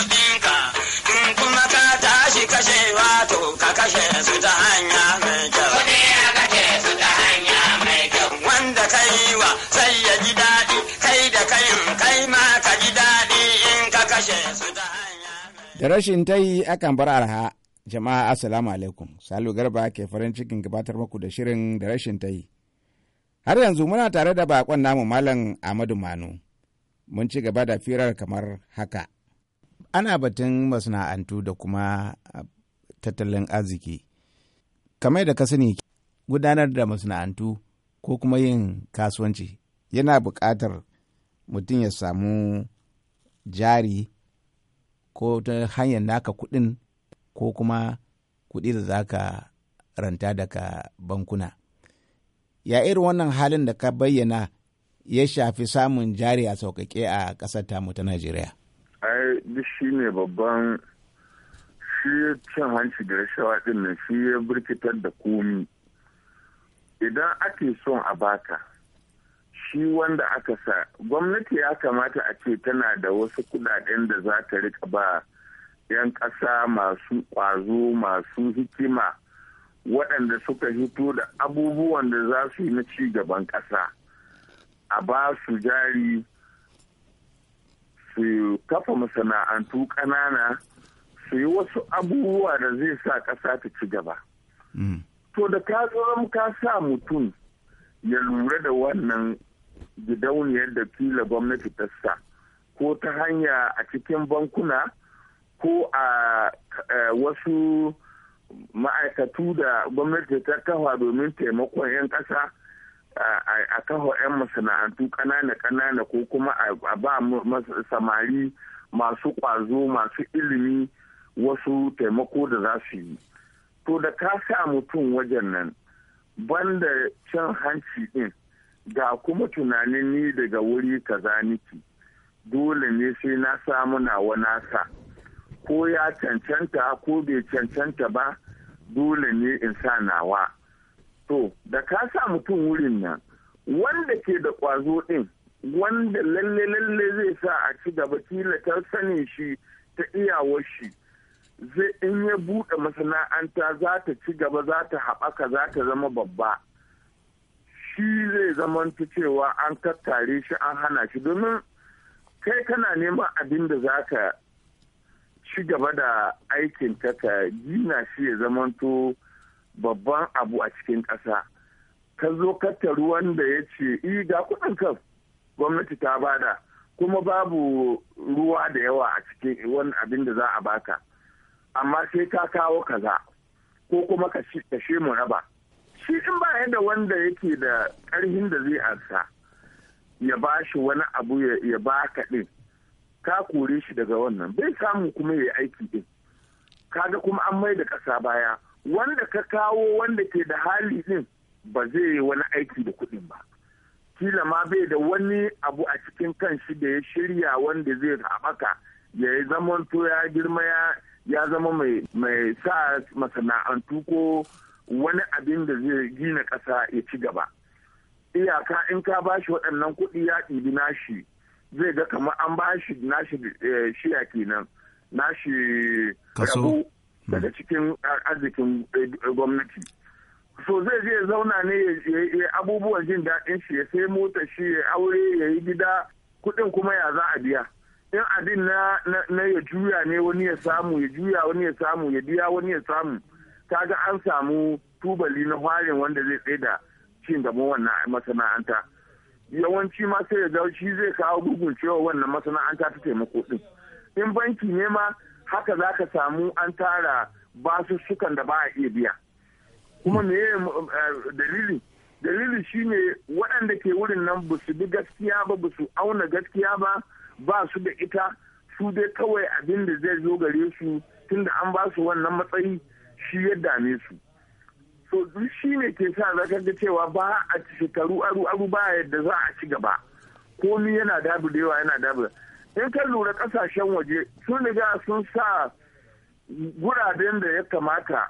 kuɗinka in kuma ka tashi kashe wato ka kashe su ta hanya mai kyau. a su ta hanya mai kyau. Wanda ka yi wa sai ya ji daɗi kai da kayin kai ma ka ji daɗi in ka kashe su ta hanya. Da rashin ta yi akan bar arha. Jama'a Assalamu alaikum, Salu Garba ke farin cikin gabatar muku da shirin da rashin ta yi. Har yanzu muna tare da bakon namu Malam Ahmadu Manu. mun ci gaba da firar kamar haka. ana batun masana'antu da kuma tattalin arziki kamar da ka sani gudanar da masana'antu ko kuma yin kasuwanci yana buƙatar mutum ya samu jari ko ta hanyar naka kuɗin ko kuma kuɗi da za ka ranta daga bankuna ya irin wannan halin da ka bayyana ya shafi samun jari a sauƙaƙe a ƙasar tamu ta najeriya ai duk shi ne babban shi cin hanci da rashawa din nan shi ya birkitar da komi idan ake son a baka shi wanda aka sa gwamnati ya kamata a ce tana da wasu kudaden da za ta rika ba 'yan ƙasa masu ƙwazo masu hikima waɗanda suka hito da abubuwan da za su yi na ci gaban ƙasa a ba su jari su kafa masana'antu ƙanana su yi wasu abubuwa da zai sa ƙasa ta ci gaba. Mm. To da ka zama ka sa mutum ya lura da wannan gidauniyar da kila gwamnati ta sa ko ta hanya a cikin bankuna ko a wasu ma'aikatu da gwamnati ta kafa domin taimakon 'yan ƙasa a kawo 'yan masana'antu ƙanana-ƙanana ko kuma a ba samari masu ƙwazo masu ilimi wasu taimako da za su yi to da ka sa mutum wajen nan banda cin hanci din ga kuma tunanin ni daga wuri kaza niki dole ne sai na samu nawa nasa ko ya cancanta ko bai cancanta ba dole ne in sa nawa To, da ka sa mutum wurin nan, wanda ke da ƙwazo ɗin, wanda lalle-lalle zai sa a ci gaba ta sanin shi ta iyawar shi, zai in ya buɗe masana'anta za ta ci gaba za ta haɓaka za ta zama babba. Shi zai ta cewa an tattare shi an hana shi domin kai kana neman abin da za ka ci gaba da aikin ka gina shi ya zamanto. babban abu a cikin ƙasa ka zo ruwan wanda ya ce i ga kuɗin kan gwamnati ta bada kuma babu ruwa da yawa a cikin wani abin da za a baka amma sai ka kawo kaza ko kuma ka she mu raba shi in ba yadda wanda yake da ƙarhin da zai ansa ya ba shi wani abu ya ba ka ɗin ka kore shi daga wannan bai samu kuma ya yi aiki ɗin kaga kuma an mai da ƙasa baya wanda ka kawo wanda ke da hali din ba zai yi wani aiki da kuɗin ba kila ma bai da wani abu a cikin kan shi da ya shirya wanda zai haɓaka ya yi zamanto ya girma ya zama mai sa masana'antu ko wani abin da zai gina ƙasa ya ci gaba iyaka in ka ba shi waɗannan kuɗi ya ɗibi nashi zai ga kamar an ba shi nashi eh, shiya kenan nashi kaso daga hmm. cikin arzikin eh, gwamnati so zai je zauna ne ya abubuwan jin daɗin shi ya sai mota shi ya aure ya yi gida kuɗin kuma ya za a biya in abin na ya juya ne wani ya samu ya juya wani ya samu ya biya wani ya samu ga an samu tubali na harin wanda zai tsaye da cin gaban wannan masana'anta yawanci ma sai ya zau shi zai kawo bugun cewa wannan masana'anta ta taimako ɗin in banki ne ma haka za ka samu an tara basussukan da ba a iya biya kuma me eh, dalili dalili ne waɗanda ke wurin nan ba su bi gaskiya ba ba su auna gaskiya ba ba su da ita su dai kawai abin da zai zo gare su tunda an ba su wannan matsayi shi ya dame su so shi ne ke sa zaka ga cewa ba a shekaru aru aru ba yadda za a ci gaba komi yana dabu da yawa yana dabu in ka lura kasashen waje sun riga sun sa guraben da ya kamata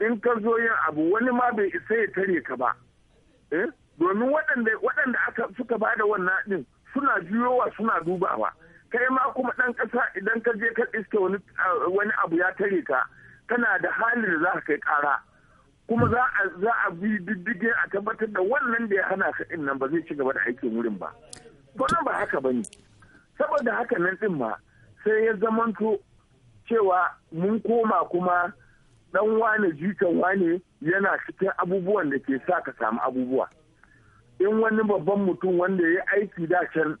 in ka zo yin abu wani ma bai isa ya tare ka ba eh? domin waɗanda aka suka ba da wannan ɗin suna juyowa suna dubawa kai ma kuma ɗan ƙasa idan ka je ka iske wani ah, abu ya tare ka kana da halin da za ka kai ƙara kuma za a bi diddige a tabbatar da wannan da ya hana ka ɗin nan ba zai ci gaba da aikin wurin ba. Wannan ba haka ba saboda haka nan din ma sai ya zamanto cewa mun koma kuma dan wane jikan wane yana cikin abubuwan da ke sa ka samu abubuwa in wani babban mutum wanda ya aiki da can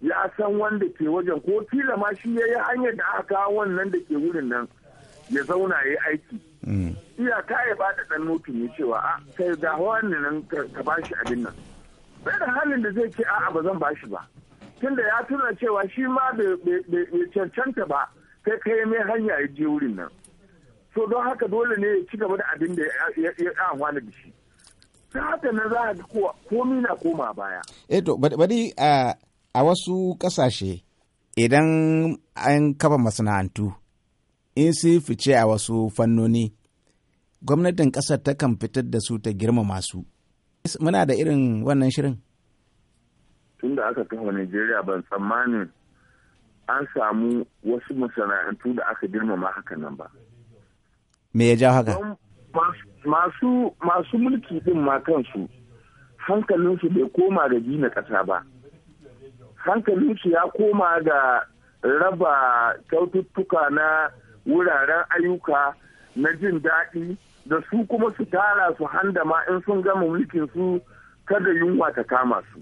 ya san wanda ke wajen ko tila ma shi ya yi hanyar da aka kawo wannan da ke wurin nan ya zauna ya yi aiki mm. ta ya ba da dan mutum ya cewa a kai ga wannan nan ka ba shi abin nan bai da halin da zai ce a'a ba zan ba shi ba tunda ya tuna cewa shi ma bai cancanta ba sai kai mai hanya ya je wurin nan so don haka dole ne ya ci gaba da abin da ya amfana da shi ta haka na za a ga komi na koma baya eh to bari a wasu kasashe idan an kafa masana'antu in sun fice a wasu fannoni gwamnatin ƙasar takan fitar da su ta girma masu muna da irin wannan shirin tun da aka kafa Najeriya ban tsammanin an samu wasu masana'antu da aka girmama haka nan ba. Me ya ja haka? Masu mulki din ma kansu hankalinsu bai koma ga gina ƙasa ba. Hankalinsu ya koma ga raba kyaututtuka na wuraren ayyuka na jin daɗi da su kuma su tara su handama in sun gama mulkin su kada yunwa ta kama su.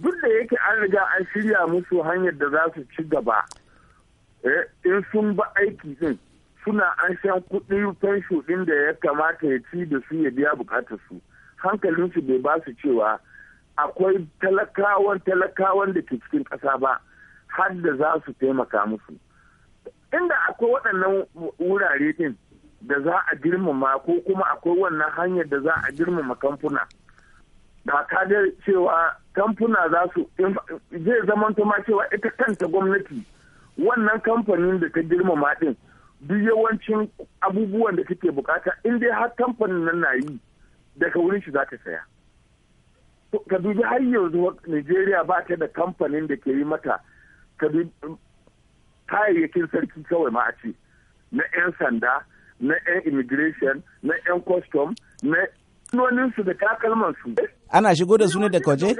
duk da yake an riga an shirya musu hanyar da za su ci gaba eh, in sun ba aiki din suna an shan kuɗi fensho ɗin da ya kamata ya ci da su ya biya bukatar su hankalinsu bai ba su cewa akwai talakawan talakawan da ke cikin ƙasa ba har da za su taimaka musu inda akwai waɗannan wurare din da za a girmama ko kuma akwai wannan hanyar da za a girmama kamfuna da ta cewa kamfuna za su zai zama ma cewa ita kanta gwamnati wannan kamfanin da ta girmama din duk yawancin abubuwan da take bukata in dai har kamfanin nan na yi daga wurin shi za ta saya ka dubi har yanzu Najeriya ba ta da kamfanin da ke yi mata um, kayayyakin sarki kawai ma a ce na 'yan sanda na 'yan immigration na 'yan custom na su da takalmansu ana shigo da su ne daga waje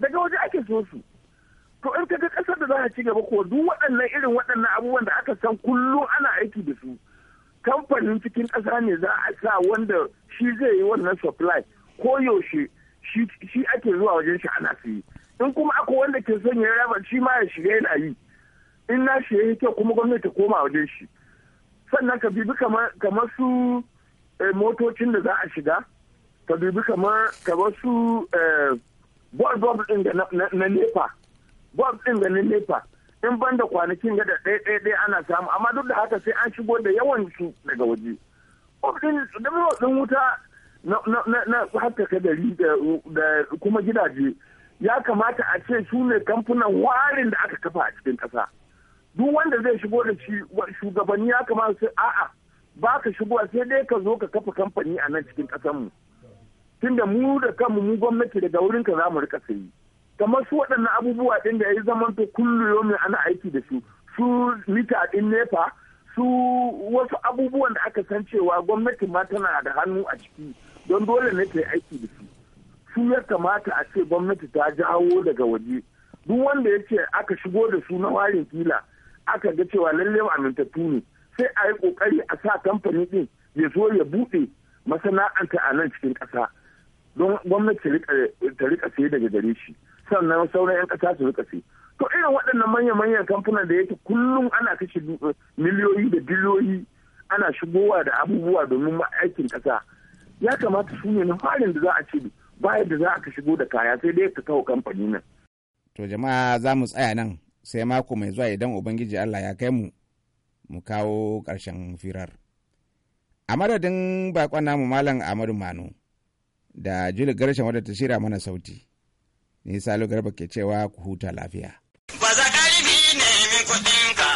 daga waje ake daga so su to in kaga kasar da za a ci gaba ko duk waɗannan irin waɗannan abubuwan da aka san kullum ana aiki da su kamfanin cikin ƙasa ne za a sa wanda shi zai yi wannan supply ko yaushe shi ake zuwa wajen shi ana siyi in kuma akwai wanda ke son ya raba shi ma ya shiga yana yi in na shi yake kuma gwamnati ta koma wajen shi sannan ka bibi kamar su eh, motocin da za a shiga ka dubi kamar kamar su eh, bol bol din da na nepa bol din da na nepa in ban da kwanakin ga da ɗaya ɗaya ana samu amma duk da haka sai an shigo da yawan su daga waje ɗin ɗin wuta na haskaka gari da kuma gidaje ya kamata a ce su ne kamfunan warin da aka kafa a cikin ƙasa duk wanda zai shigo da shi shugabanni ya kamata a'a ba ka shigo sai dai ka zo ka kafa kamfani a nan cikin ƙasarmu. mu tunda mu da kanmu mu gwamnati daga wurin ka za mu rika sayi kamar su waɗannan abubuwa ɗin da ya zaman to kullu mai ana aiki da su su mita ɗin nefa su wasu abubuwan da aka san cewa gwamnati ma tana da hannu a ciki don dole ne ta aiki da su su ya kamata a ce gwamnati ta jawo daga waje duk wanda ya ce aka shigo da su na warin kila aka ga cewa lallai amintattu ne sai a yi kokari a sa kamfani ɗin ya zo ya buɗe masana'anta a nan cikin ƙasa don gwamnati ta rika sai daga gare shi sannan sauran 'yan ƙasa su rika sai to irin waɗannan manya-manyan kamfanin da yake kullum ana kashe eh, miliyoyi da biliyoyi ana shigowa da abubuwa domin aikin ƙasa ya kamata su ne na farin da za a ce bayan da za a shigo da kaya sai dai ka kawo kamfani nan. To jama'a za mu tsaya nan sai mako mai zuwa idan Ubangiji Allah ya kai mu mu kawo ƙarshen firar. A madadin bakon namu Malam Ahmadu Manu. da Juli Garshen wadda ta shira mana sauti. Ni Salo Garba ke cewa ku huta lafiya. Baza ne nemi kuɗinka,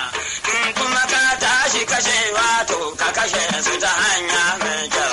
in kuma ka tashi kashewa to ka kashe su ta hanya mai kyau.